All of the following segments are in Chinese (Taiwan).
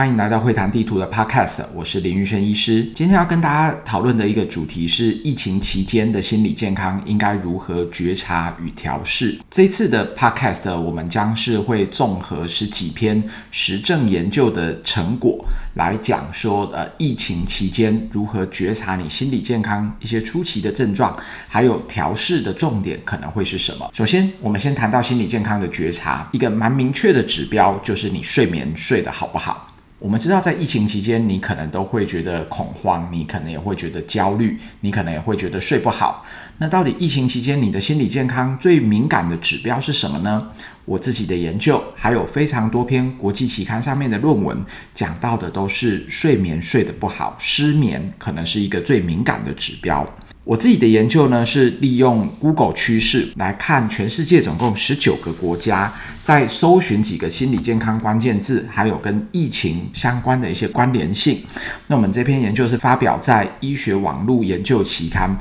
歡迎來到會談地圖的 Podcast，我是林玉軒醫師。今天要跟大家討論的一個主題是疫情期間的心理健康應該如何覺察與調適。這次的 Podcast 我們將是會綜合十幾篇實證研究的成果來講說，呃，疫情期間如何覺察你心理健康一些初期的症狀，還有調適的重點可能會是什麼。首先，我們先談到心理健康的覺察，一個蠻明確的指標就是你睡眠睡得好不好。我們知道，在疫情期間，你可能都會覺得恐慌，你可能也會覺得焦慮，你可能也會覺得睡不好。那到底疫情期間你的心理健康最敏感的指標是什麼呢？我自己的研究，還有非常多篇國際期刊上面的論文講到的都是睡眠睡得不好，失眠可能是一個最敏感的指標。我自己的研究呢，是利用 Google 趨勢來看全世界總共十九個國家，在搜尋幾個心理健康關鍵字，還有跟疫情相關的一些關聯性。那我們這篇研究是發表在《醫學網絡研究期刊》。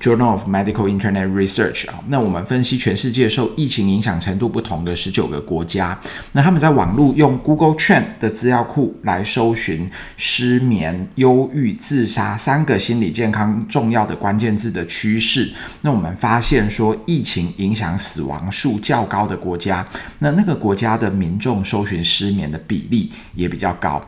Journal of Medical Internet Research 啊，那我們分析全世界受疫情影響程度不同的十九個國家，那他們在網絡用 Google Trend 的資料庫來搜尋失眠、憂鬱、自殺三個心理健康重要的關鍵字的趨勢。那我們發現說，疫情影響死亡數較高的國家，那那個國家的民眾搜尋失眠的比例也比較高。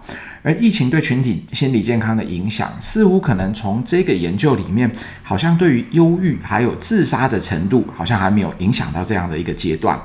而疫情對群體心理健康的影響，似乎可能從這個研究裡面，好像對於憂鬱還有自殺的程度，好像還沒有影響到這樣的一個階段。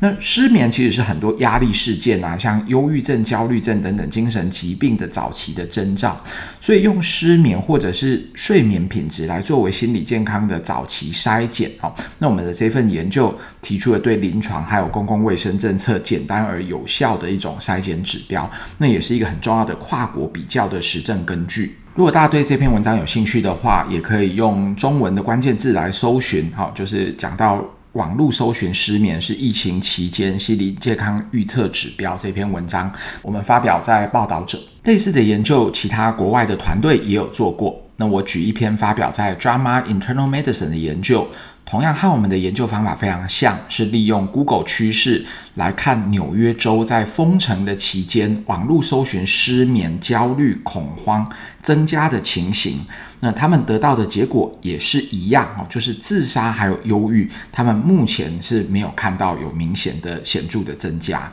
那失眠其實是很多壓力事件啊，像憂鬱症、焦慮症等等精神疾病的早期的徵兆，所以用失眠或者是睡眠品質來作為心理健康的早期篩檢啊、哦。那我們的這份研究提出了對臨床還有公共衛生政策簡單而有效的一種篩檢指標，那也是一個很重要的跨國比較的實證根據。如果大家對這篇文章有興趣的話，也可以用中文的關鍵字來搜尋，好、哦，就是講到。網路搜尋失眠是疫情期間心理健康預測指標，這篇文章我們發表在《報導者》。類似的研究，其他國外的團隊也有做過。我舉一篇發表在《JAMA Internal Medicine》的研究，同樣和我們的研究方法非常像，是利用 Google 趨勢來看紐約州在封城的期間，網絡搜尋失眠、焦慮、恐慌增加的情形。那他們得到的結果也是一樣哦，就是自殺還有憂鬱，他們目前是沒有看到有明顯的顯著的增加。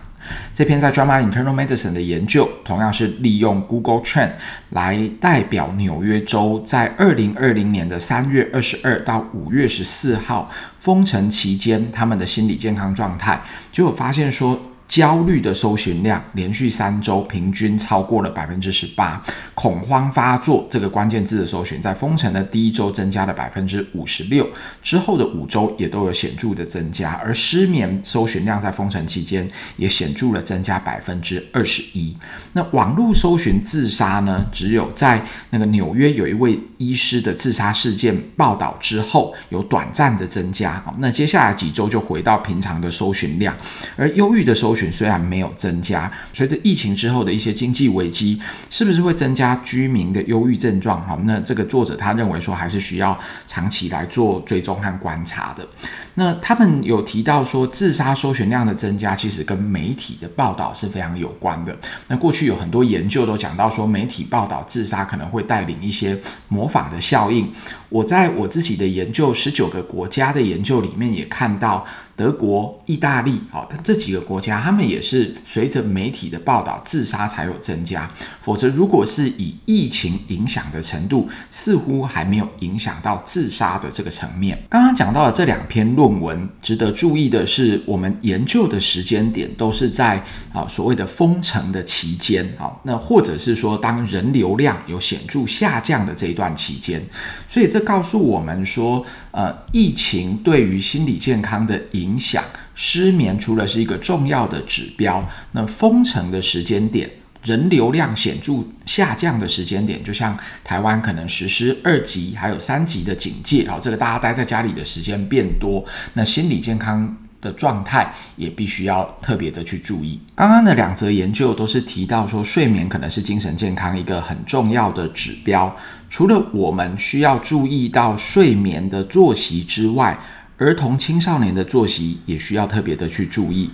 這篇在《JAMA Internal Medicine》的研究，同樣是利用 Google Trend 來代表紐約州在二零二零年的三月二十二到五月十四號封城期間，他們的心理健康狀態，結果發現說，焦慮的搜尋量連續三周平均超過了百分之十八，恐慌發作這個關鍵字的搜尋在封城的第一周增加了百分之五十六，之後的五周也都有顯著的增加，而失眠搜尋量在封城期間也顯著了增加百分之二十一。那網路搜尋自殺呢？只有在那個紐約有一位醫師的自殺事件報道之後有短暫的增加，那接下來幾周就回到平常的搜尋量，而憂鬱的搜。雖然沒有增加，隨着疫情之後的一些經濟危機，是不是會增加居民的憂鬱症狀？好，那這個作者他認為說，還是需要長期來做追蹤和觀察的。那他們有提到說，自殺搜尋量的增加其實跟媒體的報道是非常有關的。那過去有很多研究都講到說，媒體報道自殺可能會帶領一些模仿的效應。我在我自己的研究，十九個國家的研究裡面也看到，德國、意大利，好，這幾個國家他們也是隨着媒體的報道自殺才有增加。否則，如果是以疫情影響的程度，似乎還沒有影響到自殺的這個層面。剛剛講到的這兩篇論文值得注意的是，我們研究的時間點都是在啊所謂的封城的期間，啊，那或者是說當人流量有顯著下降的這一段期間，所以這告訴我們說，呃，疫情對於心理健康的影響，失眠除了是一個重要的指標，那封城的時間點。人流量顯著下降的時間點，就像台灣可能實施二級還有三級的警戒，然後這個大家待在家裡的時間變多，那心理健康的狀態也必須要特別的去注意。剛剛的兩則研究都是提到說，睡眠可能是精神健康一個很重要的指標。除了我們需要注意到睡眠的作息之外，兒童青少年的作息也需要特別的去注意。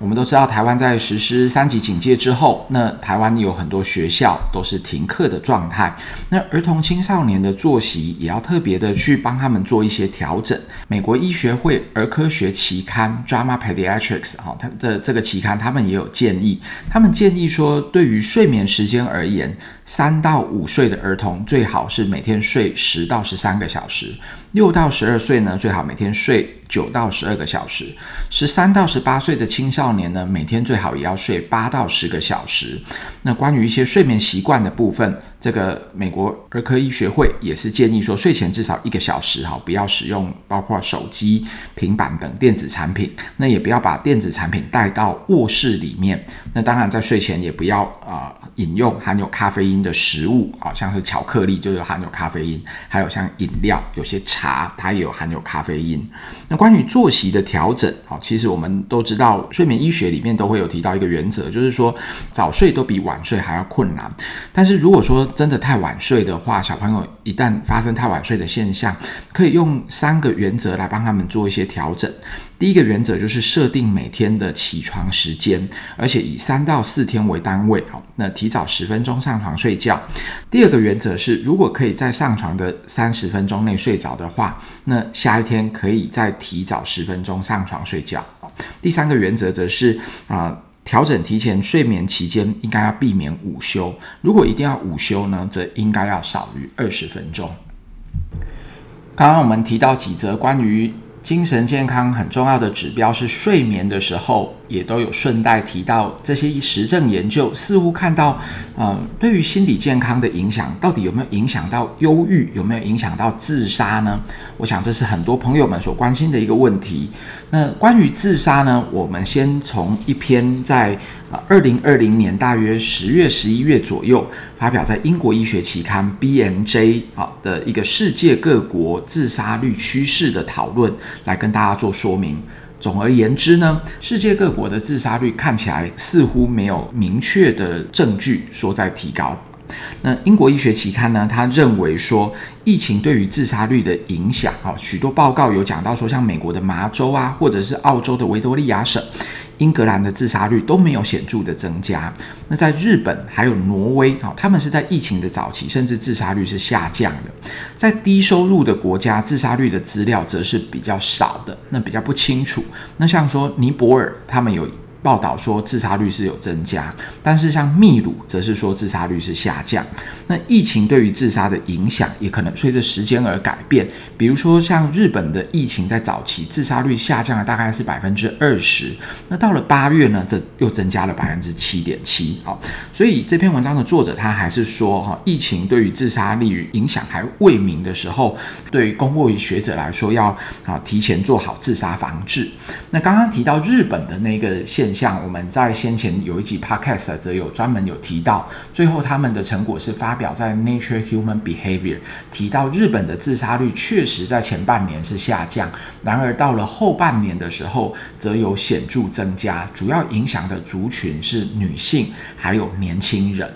我們都知道，台灣在實施三級警戒之後，那台灣有很多學校都是停課的狀態。那兒童青少年的作息也要特別的去幫他們做一些調整。美國醫學會兒科學期刊《JAMA Pediatrics》哈，它的這個期刊他們也有建議，他們建議說，對於睡眠時間而言，三到五歲的兒童最好是每天睡十到十三個小時，六到十二歲呢，最好每天睡九到十二個小時。十三到十八歲的青少年呢，每天最好也要睡八到十個小時。那關於一些睡眠習慣的部分，這個美國兒科醫學會也是建議說，睡前至少一個小時哈，不要使用包括手機、平板等電子產品，那也不要把電子產品帶到臥室裡面。那當然，在睡前也不要啊，呃，飲用含有咖啡因。的食物好像是巧克力，就有含有咖啡因；還有像飲料，有些茶它也有含有咖啡因。那關於作息的調整啊，其實我們都知道，睡眠醫學裡面都會有提到一個原則，就是說早睡都比晚睡還要困難。但是如果說真的太晚睡的話，小朋友一旦發生太晚睡的現象，可以用三個原則來幫他們做一些調整。第一個原則就是設定每天的起床時間，而且以三到四天為單位。那提早十分鐘上床睡覺。第二個原則是，如果可以在上床的三十分鐘內睡着的話，那下一天可以再提早十分鐘上床睡覺。第三個原則則是啊，調整提前睡眠期間應該要避免午休。如果一定要午休呢，則應該要少於二十分鐘。剛剛我們提到幾則關於。精神健康很重要的指標是睡眠的時候，也都有順帶提到這些實證研究，似乎看到。呃，對於心理健康的影響，到底有沒有影響到憂鬱，有沒有影響到自殺呢？我想這是很多朋友們所關心的一個問題。那關於自殺呢，我們先從一篇在呃二零二零年大約十月、十一月左右發表在英國醫學期刊 BMJ、呃《BMJ》啊的一個世界各國自殺率趨勢的討論來跟大家做說明。總而言之呢，世界各國的自殺率看起來似乎沒有明確的證據說在提高。那英國醫學期刊呢，他認為說疫情對於自殺率的影響啊，許多報告有講到說，像美國的麻州啊，或者是澳洲的維多利亞省。英格蘭的自殺率都沒有顯著的增加。那在日本還有挪威啊，他們是在疫情的早期，甚至自殺率是下降的。在低收入的國家，自殺率的資料則是比較少的，那比較不清楚。那像說尼泊爾，他們有。報道說自殺率是有增加，但是像秘魯則是說自殺率是下降。那疫情對於自殺的影響也可能隨着時間而改變。比如說像日本的疫情在早期自殺率下降了大概是百分之二十，那到了八月呢，這又增加了百分之七點七。所以這篇文章的作者他還是說哈、哦，疫情對於自殺率影響還未明的時候，對於公共衛生學者來說要啊、哦、提前做好自殺防治。那剛剛提到日本的那個現像我們在先前有一集 podcast，的則有專門有提到，最後他們的成果是發表在 Nature Human Behaviour，提到日本的自殺率確實在前半年是下降，然而到了後半年的時候，則有顯著增加，主要影響的族群是女性還有年輕人。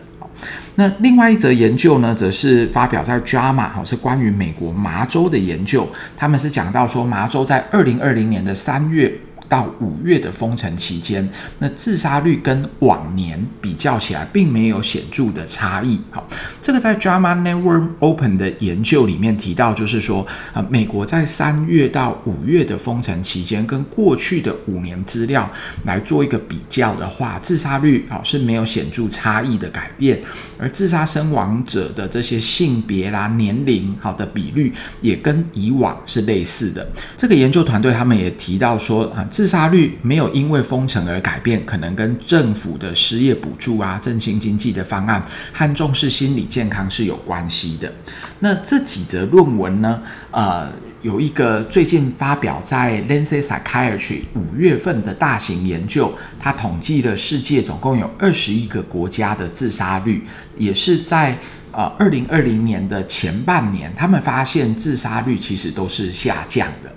那另外一則研究呢，則是發表在 JAMA，哦是關於美國麻州的研究，他們是講到說麻州在二零二零年的三月。到五月的封城期間，那自殺率跟往年比較起來，並沒有顯著的差異。好，這個在《JAMA Network Open》的研究裡面提到，就是說啊，美國在三月到五月的封城期間，跟過去的五年資料來做一個比較的話，自殺率啊是沒有顯著差異的改變，而自殺身亡者的這些性別啦、年齡好的比率，也跟以往是類似的。這個研究團隊他們也提到說啊，自殺率沒有因為封城而改變，可能跟政府的失業補助啊、振興經濟的方案和重視心理健康是有關係的。那這幾則論文呢？呃，有一個最近發表在《Lancet Psychiatry》五月份的大型研究，它統計了世界總共有二十一個國家的自殺率，也是在呃二零二零年的前半年，他們發現自殺率其實都是下降的。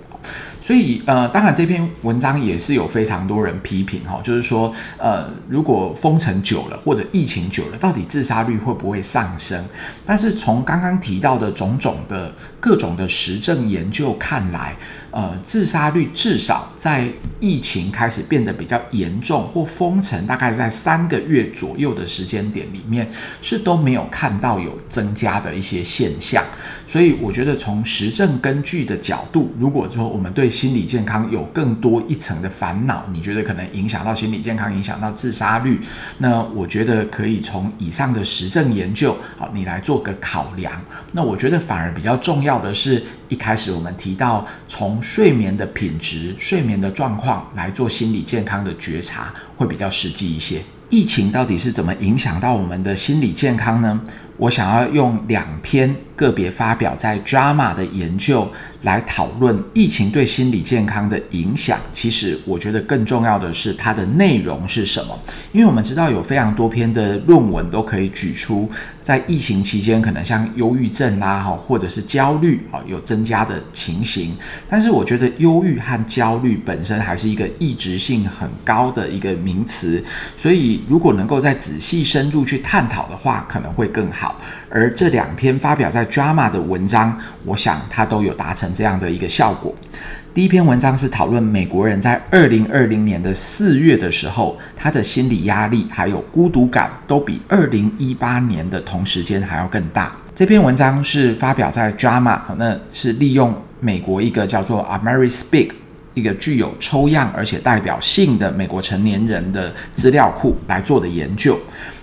所以，呃，當然，這篇文章也是有非常多人批評，哈、哦，就是說，呃，如果封城久了或者疫情久了，到底自殺率會不會上升？但是從剛剛提到的種種的各種的實證研究看來，呃，自殺率至少在疫情開始變得比較嚴重或封城，大概在三個月左右的時間點裡面，是都沒有看到有增加的一些現象。所以，我覺得從實證根據的角度，如果說我們對心理健康有更多一層的煩惱，你覺得可能影響到心理健康，影響到自殺率，那我覺得可以從以上的實證研究，好，你來做個考量。那我覺得反而比較重要的是，一開始我們提到，從睡眠的品質、睡眠的狀況來做心理健康的覺察，會比較實際一些。疫情到底是怎麼影響到我們的心理健康呢？我想要用兩篇個別發表在 JAMA 的研究。來討論疫情對心理健康的影響。其實我覺得更重要的是它的內容是什麼，因為我們知道有非常多篇的論文都可以舉出，在疫情期間可能像憂鬱症啊，或者是焦慮啊有增加的情形。但是我覺得憂鬱和焦慮本身還是一個異質性很高的一個名詞，所以如果能夠再仔細深入去探討的話，可能會更好。而這兩篇發表在《JAMA》的文章，我想它都有達成。這樣的一個效果。第一篇文章是討論美國人在二零二零年的四月的時候，他的心理壓力還有孤獨感都比二零一八年的同時間還要更大。這篇文章是發表在《JAMA》，那是利用美國一個叫做《AmeriSpeak》，一個具有抽樣而且代表性的美國成年人的資料庫來做的研究。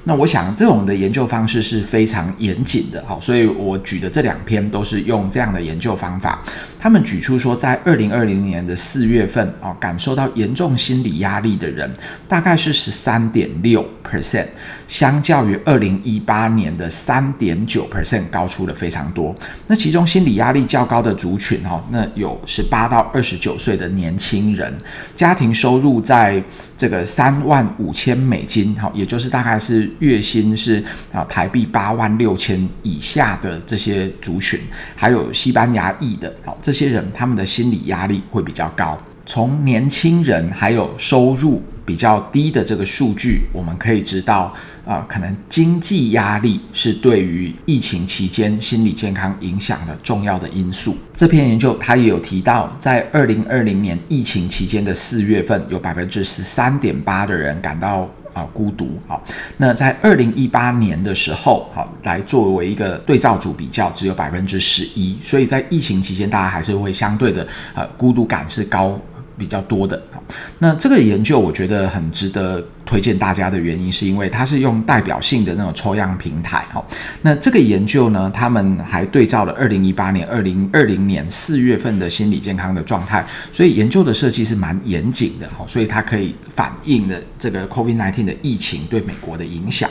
那我想這種的研究方式是非常嚴謹的，哈，所以我舉的這兩篇都是用這樣的研究方法。他們舉出說，在二零二零年的四月份啊，感受到嚴重心理壓力的人大概是十三點六 percent，相較於二零一八年的三點九 percent 高出了非常多。那其中心理壓力較高的族群哈，那有十八到二十九歲的年輕人，家庭收入在這個三萬五千美金，好，也就是大概。是月薪是啊台幣八萬六千以下的這些族群，還有西班牙裔的，好，這些人他們的心理壓力會比較高。從年輕人還有收入比較低的這個數據，我們可以知道啊、呃，可能經濟壓力是對於疫情期間心理健康影響的重要的因素。這篇研究他也有提到，在二零二零年疫情期間的四月份，有百分之十三點八的人感到。啊、呃，孤獨，好！那在二零一八年的時候，好，來作為一個對照組比較，只有百分之十一，所以在疫情期間，大家還是會相對的呃孤獨感是高，比較多的哈，那這個研究我覺得很值得推薦大家的原因，是因為它是用代表性的那種抽樣平台哈。那這個研究呢，他們還對照了二零一八年、二零二零年四月份的心理健康的狀態，所以研究的設計是蠻嚴謹的哈，所以它可以反映了這個 COVID nineteen 的疫情對美國的影響。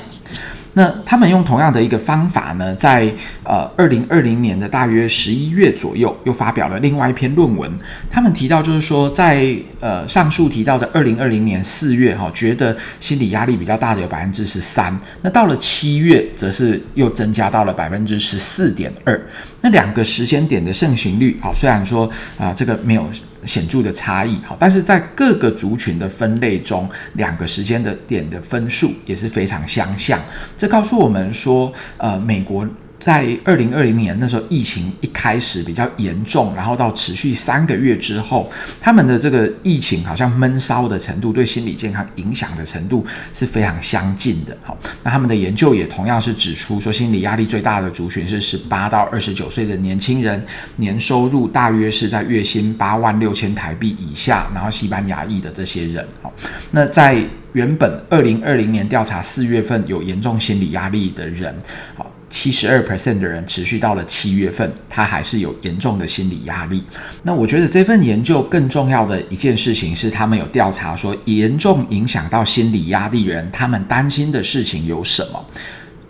那他們用同樣的一個方法呢，在呃二零二零年的大約十一月左右，又發表了另外一篇論文。他們提到就是說，在呃上述提到的二零二零年四月哈、哦，覺得心理壓力比較大的有百分之十三。那到了七月，則是又增加到了百分之十四點二。那兩個時間點的盛行率啊、哦，雖然說啊、呃、這個沒有。顯著的差異，好，但是在各個族群的分類中，兩個時間的點的分數也是非常相像。這告訴我們說，呃，美國。在二零二零年那時候，疫情一開始比較嚴重，然後到持續三個月之後，他們的這個疫情好像悶燒的程度，對心理健康影響的程度是非常相近的。好，那他們的研究也同樣是指出說，心理壓力最大的族群是十八到二十九歲的年輕人，年收入大約是在月薪八萬六千台幣以下，然後西班牙裔的這些人。好，那在原本二零二零年調查四月份有嚴重心理壓力的人，七十二 percent 的人持續到了七月份，他還是有嚴重的心理壓力。那我覺得這份研究更重要的一件事情是，他們有調查說，嚴重影響到心理壓力的人，他們擔心的事情有什麼？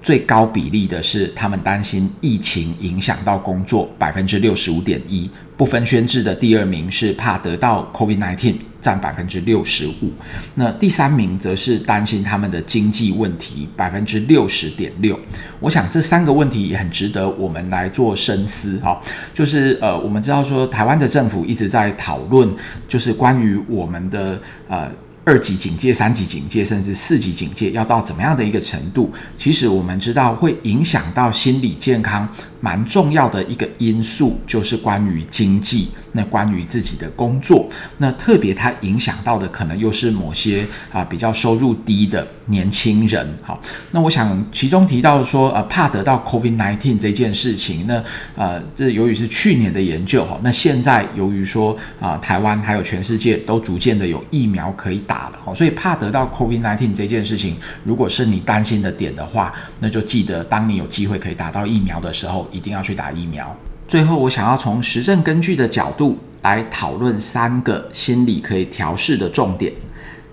最高比例的是，他們擔心疫情影響到工作，百分之六十五點一。不分軒輊的第二名是怕得到 COVID-19，佔百分之六十五。那第三名則是擔心他們的經濟問題，百分之六十點六。我想這三個問題也很值得我們來做深思哈、哦，就是呃，我們知道說台灣的政府一直在討論，就是關於我們的呃。二級警戒、三級警戒，甚至四級警戒，要到怎麼樣的一個程度？其實我們知道會影響到心理健康。蠻重要的一個因素就是關於經濟，那關於自己的工作，那特別它影響到的可能又是某些啊、呃、比較收入低的年輕人，好，那我想其中提到說呃怕得到 COVID-19 這件事情，那呃這由於是去年的研究哈、哦，那現在由於說啊、呃、台灣還有全世界都逐漸的有疫苗可以打了，哦、所以怕得到 COVID-19 這件事情，如果是你擔心的點的話，那就記得當你有機會可以打到疫苗的時候。一定要去打疫苗。最後，我想要從實證根據的角度來討論三個心理可以調適的重點。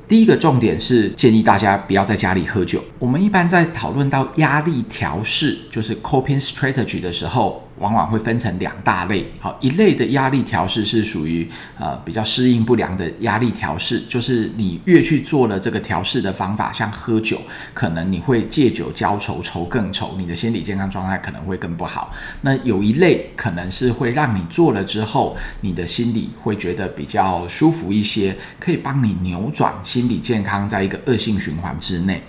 第一個重點是建議大家不要在家裡喝酒。我們一般在討論到壓力調適，就是 coping strategy 的時候。往往會分成兩大類，好，一類的壓力調適是屬於呃比較適應不良的壓力調適，就是你越去做了這個調適的方法，像喝酒，可能你會借酒澆愁，愁更愁，你的心理健康狀態可能會更不好。那有一類可能是會讓你做了之後，你的心理會覺得比較舒服一些，可以幫你扭轉心理健康在一個惡性循環之內。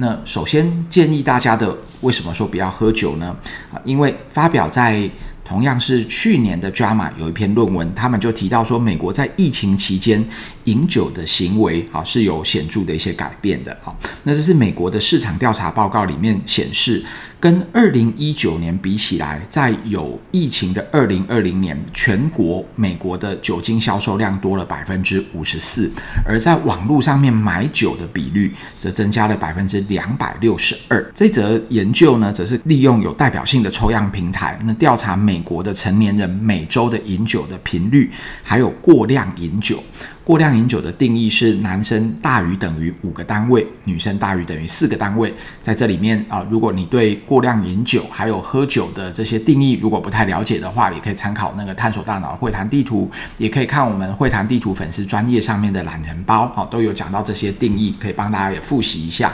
那首先建議大家的，為什麼說不要喝酒呢？啊，因為發表在同樣是去年的《JAMA》有一篇論文，他們就提到說，美國在疫情期間，飲酒的行為啊，是有顯著的一些改變的啊。那這是美國的市場調查報告裡面顯示，跟二零一九年比起來，在有疫情的二零二零年，全國美國的酒精銷售量多了百分之五十四，而在網絡上面買酒的比率則增加了百分之兩百六十二。這則研究呢，則是利用有代表性的抽樣平台，那調查美國的成年人每周的飲酒的頻率，還有過量飲酒。過量飲酒的定義是：男生大於等於五個單位，女生大於等於四個單位。在這裡面啊，如果你對過量飲酒還有喝酒的這些定義如果不太了解的話，也可以參考那個探索大腦會談地圖，也可以看我們會談地圖粉絲專業上面的懶人包啊，都有講到這些定義，可以幫大家也複習一下。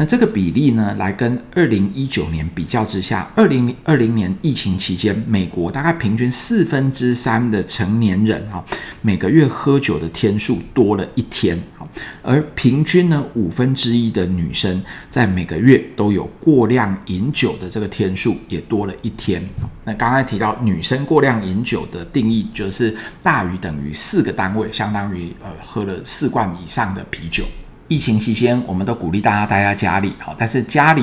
那這個比例呢，來跟二零一九年比較之下，二零二零年疫情期間，美國大概平均四分之三的成年人啊，每個月喝酒的天數多了一天。好，而平均呢，五分之一的女生在每個月都有過量飲酒的這個天數也多了一天。那剛才提到女生過量飲酒的定義就是大於等於四個單位，相當於呃喝了四罐以上的啤酒。疫情期間，我們都鼓勵大家待在家裡，好，但是家裡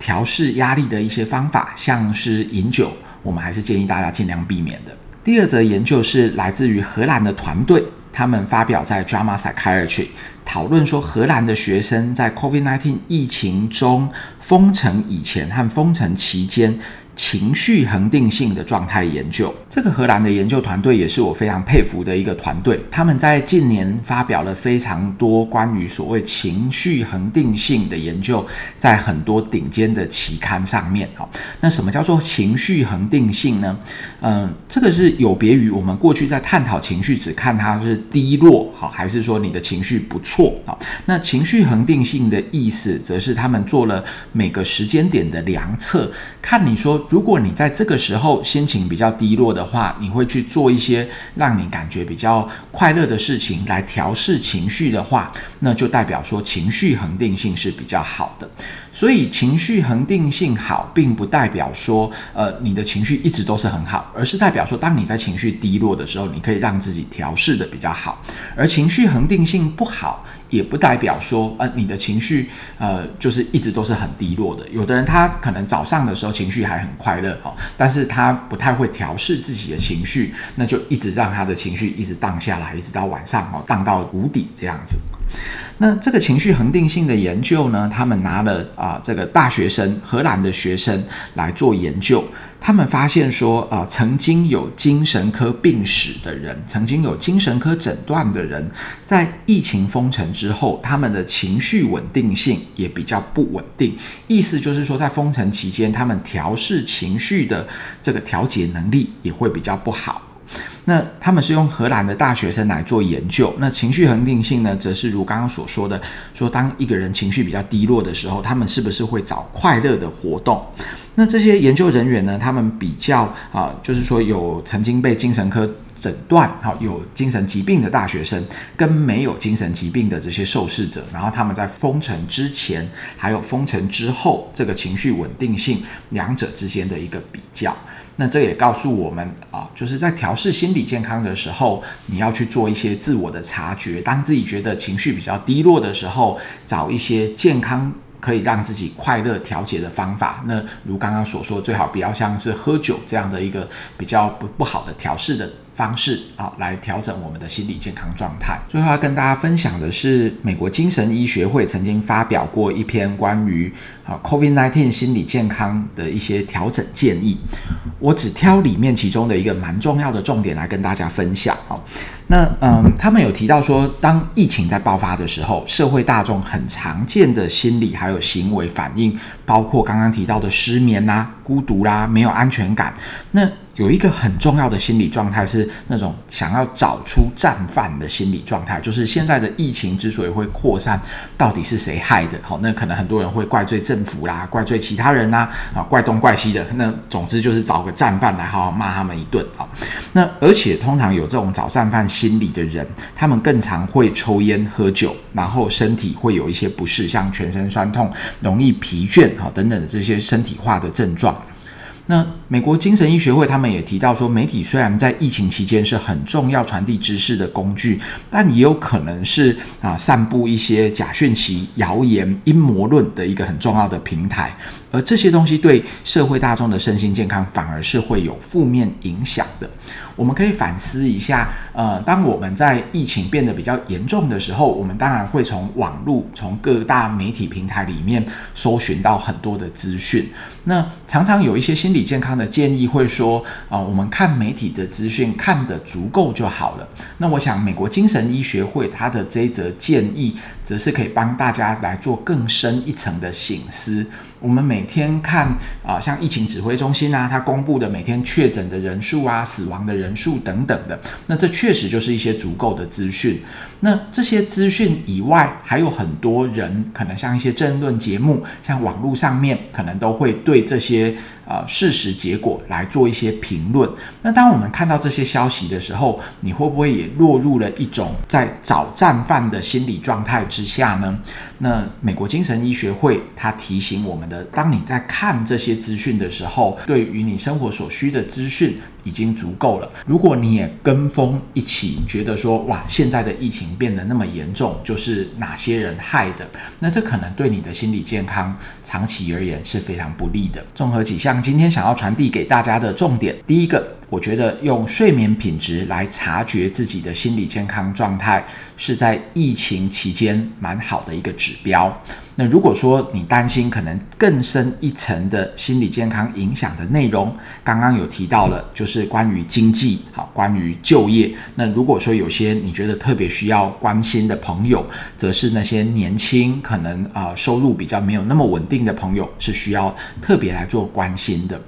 調適壓力的一些方法，像是飲酒，我們還是建議大家盡量避免的。第二則研究是來自於荷蘭的團隊，他們發表在《JAMA Psychiatry》，討論說荷蘭的學生在 COVID-19 疫情中。封城以前和封城期間情緒恆定性的狀態研究。這個荷蘭的研究團隊也是我非常佩服的一個團隊。他們在近年發表了非常多關於所謂情緒恆定性的研究，在很多頂尖的期刊上面。好，那什麼叫做情緒恆定性呢？嗯、呃，這個是有別於我們過去在探討情緒，只看它是低落。好，還是說你的情緒不錯？好，那情緒恆定性的意思，則是他們做了。每個時間點的量測，看你說，如果你在這個時候心情比較低落的話，你會去做一些讓你感覺比較快樂的事情來調適情緒的話，那就代表說情緒恆定性是比較好的。所以情緒恆定性好，並不代表說，呃，你的情緒一直都是很好，而是代表說，當你在情緒低落的時候，你可以讓自己調適得比較好。而情緒恆定性不好，也不代表說，呃，你的情緒，呃，就是一直都是很低落的。有的人他可能早上的時候情緒還很快樂哦，但是他不太會調適自己的情緒，那就一直讓他的情緒一直盪下來，一直到晚上哦，盪到谷底這樣子。那這個情緒恆定性的研究呢，他們拿了啊、呃、這個大學生，荷蘭的學生來做研究。他們發現說，啊、呃、曾經有精神科病史的人，曾經有精神科診斷的人，在疫情封城之後，他們的情緒穩定性也比較不穩定。意思就是說，在封城期間，他們調適情緒的這個調節能力也會比較不好。那他們是用荷蘭的大學生來做研究，那情緒恆定性呢，則是如剛剛所說的，說當一個人情緒比較低落的時候，他們是不是會找快樂的活動？那這些研究人員呢，他們比較啊，就是說有曾經被精神科診斷，好、啊、有精神疾病的大學生，跟沒有精神疾病的這些受試者，然後他們在封城之前，還有封城之後，這個情緒穩定性兩者之間的一個比較。那這也告訴我們啊，就是在調適心理健康的時候，你要去做一些自我的察覺。當自己覺得情緒比較低落的時候，找一些健康可以讓自己快樂調節的方法。那如剛剛所說，最好不要像是喝酒這樣的一個比較不不好的調適的。方式啊，來調整我們的心理健康狀態。最後要跟大家分享的是，美國精神醫學會曾經發表過一篇關於啊 COVID-19 心理健康的一些調整建議。我只挑裡面其中的一個蠻重要的重點來跟大家分享哦，那嗯，他們有提到說，當疫情在爆發的時候，社會大眾很常見的心理還有行為反應，包括剛剛提到的失眠吶、啊。孤獨啦、啊，沒有安全感。那有一個很重要的心理狀態是那種想要找出戰犯的心理狀態，就是現在的疫情之所以會擴散，到底是誰害的？好、哦，那可能很多人會怪罪政府啦、啊，怪罪其他人啦，啊，哦、怪東怪西的。那總之就是找個戰犯來好好罵他們一頓。那而且通常有這種找戰犯心理的人，他們更常會抽煙喝酒，然後身體會有一些不適，像全身酸痛、容易疲倦啊、哦、等等的這些身體化的症狀。那美國精神醫學會他們也提到說，媒體雖然在疫情期間是很重要傳遞知識的工具，但也有可能是啊，散布一些假訊息、謠言、陰謀論的一個很重要的平台，而這些東西對社會大眾的身心健康反而是會有負面影響的。我們可以反思一下，呃，當我們在疫情變得比較嚴重的時候，我們當然會從網絡、從各大媒體平台裡面搜尋到很多的資訊。那常常有一些心理健康的建議會說，啊、呃，我們看媒體的資訊看得足夠就好了。那我想，美國精神醫學會它的這一則建議，則是可以幫大家來做更深一層的省思。我們每天看啊、呃，像疫情指揮中心啊，它公布的每天確診的人數啊、死亡的人數等等的，那這確實就是一些足夠的資訊。那這些資訊以外，還有很多人可能像一些政論節目、像網絡上面，可能都會對這些。啊、呃，事實結果來做一些評論。那當我們看到這些消息的時候，你會不會也落入了一種在找戰犯的心理狀態之下呢？那美國精神醫學會它提醒我們的，當你在看這些資訊的時候，對於你生活所需的資訊已經足夠了。如果你也跟風一起覺得說，哇，現在的疫情變得那麽嚴重，就是哪些人害的，那這可能對你的心理健康長期而言是非常不利的。綜合幾項。今天想要傳遞給大家的重點，第一個，我覺得用睡眠品質來察覺自己的心理健康狀態，是在疫情期間蠻好的一個指標。那如果說你擔心可能更深一層的心理健康影響的內容，剛剛有提到了，就是關於經濟，好，關於就業。那如果說有些你覺得特別需要關心的朋友，則是那些年輕，可能啊、呃、收入比較沒有那麼穩定的朋友，是需要特別來做關心的。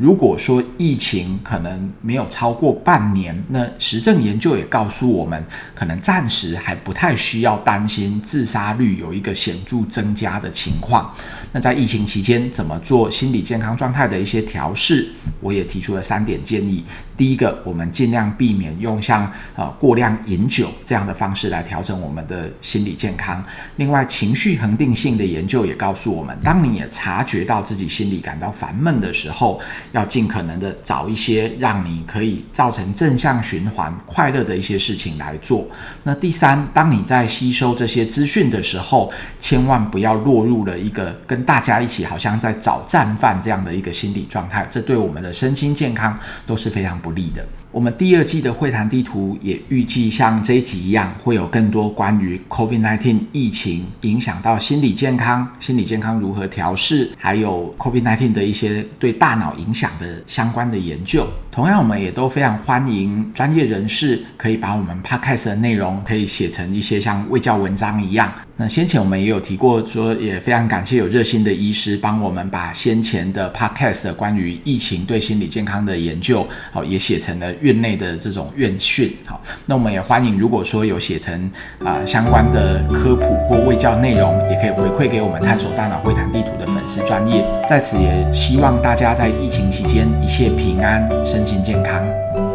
如果說疫情可能沒有超過半年，那實證研究也告訴我們，可能暫時還不太需要擔心自殺率有一個顯著增加的情況。那在疫情期間怎麼做心理健康狀態的一些調適，我也提出了三點建議。第一個，我們盡量避免用像呃過量飲酒這樣的方式來調整我們的心理健康。另外，情緒恆定性的研究也告訴我們，當你也察覺到自己心裡感到煩悶的時候，要盡可能的找一些讓你可以造成正向循環、快樂的一些事情來做。那第三，當你在吸收這些資訊的時候，千萬不要落入了一個跟大家一起好像在找戰犯這樣的一個心理狀態，這對我們的身心健康都是非常不。不利的，我們第二季的會談地圖也預計像這一集一樣，會有更多關於 COVID-19 疫情影響到心理健康、心理健康如何調適，還有 COVID-19 的一些對大腦影響的相關的研究。同樣，我們也都非常歡迎專業人士可以把我們 podcast 的內容可以寫成一些像衛教文章一樣。那先前我們也有提過，說也非常感謝有熱心的醫師幫我們把先前的 podcast 關於疫情對心理健康的研究，好也寫成了院內的這種院訊，好。那我們也歡迎，如果說有寫成啊、呃、相關的科普或衛教內容，也可以回饋給我們探索大腦會談地圖的粉絲專頁。在此也希望大家在疫情期間一切平安，身心健康。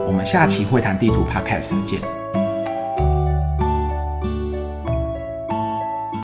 我們下期會談地圖 podcast 見。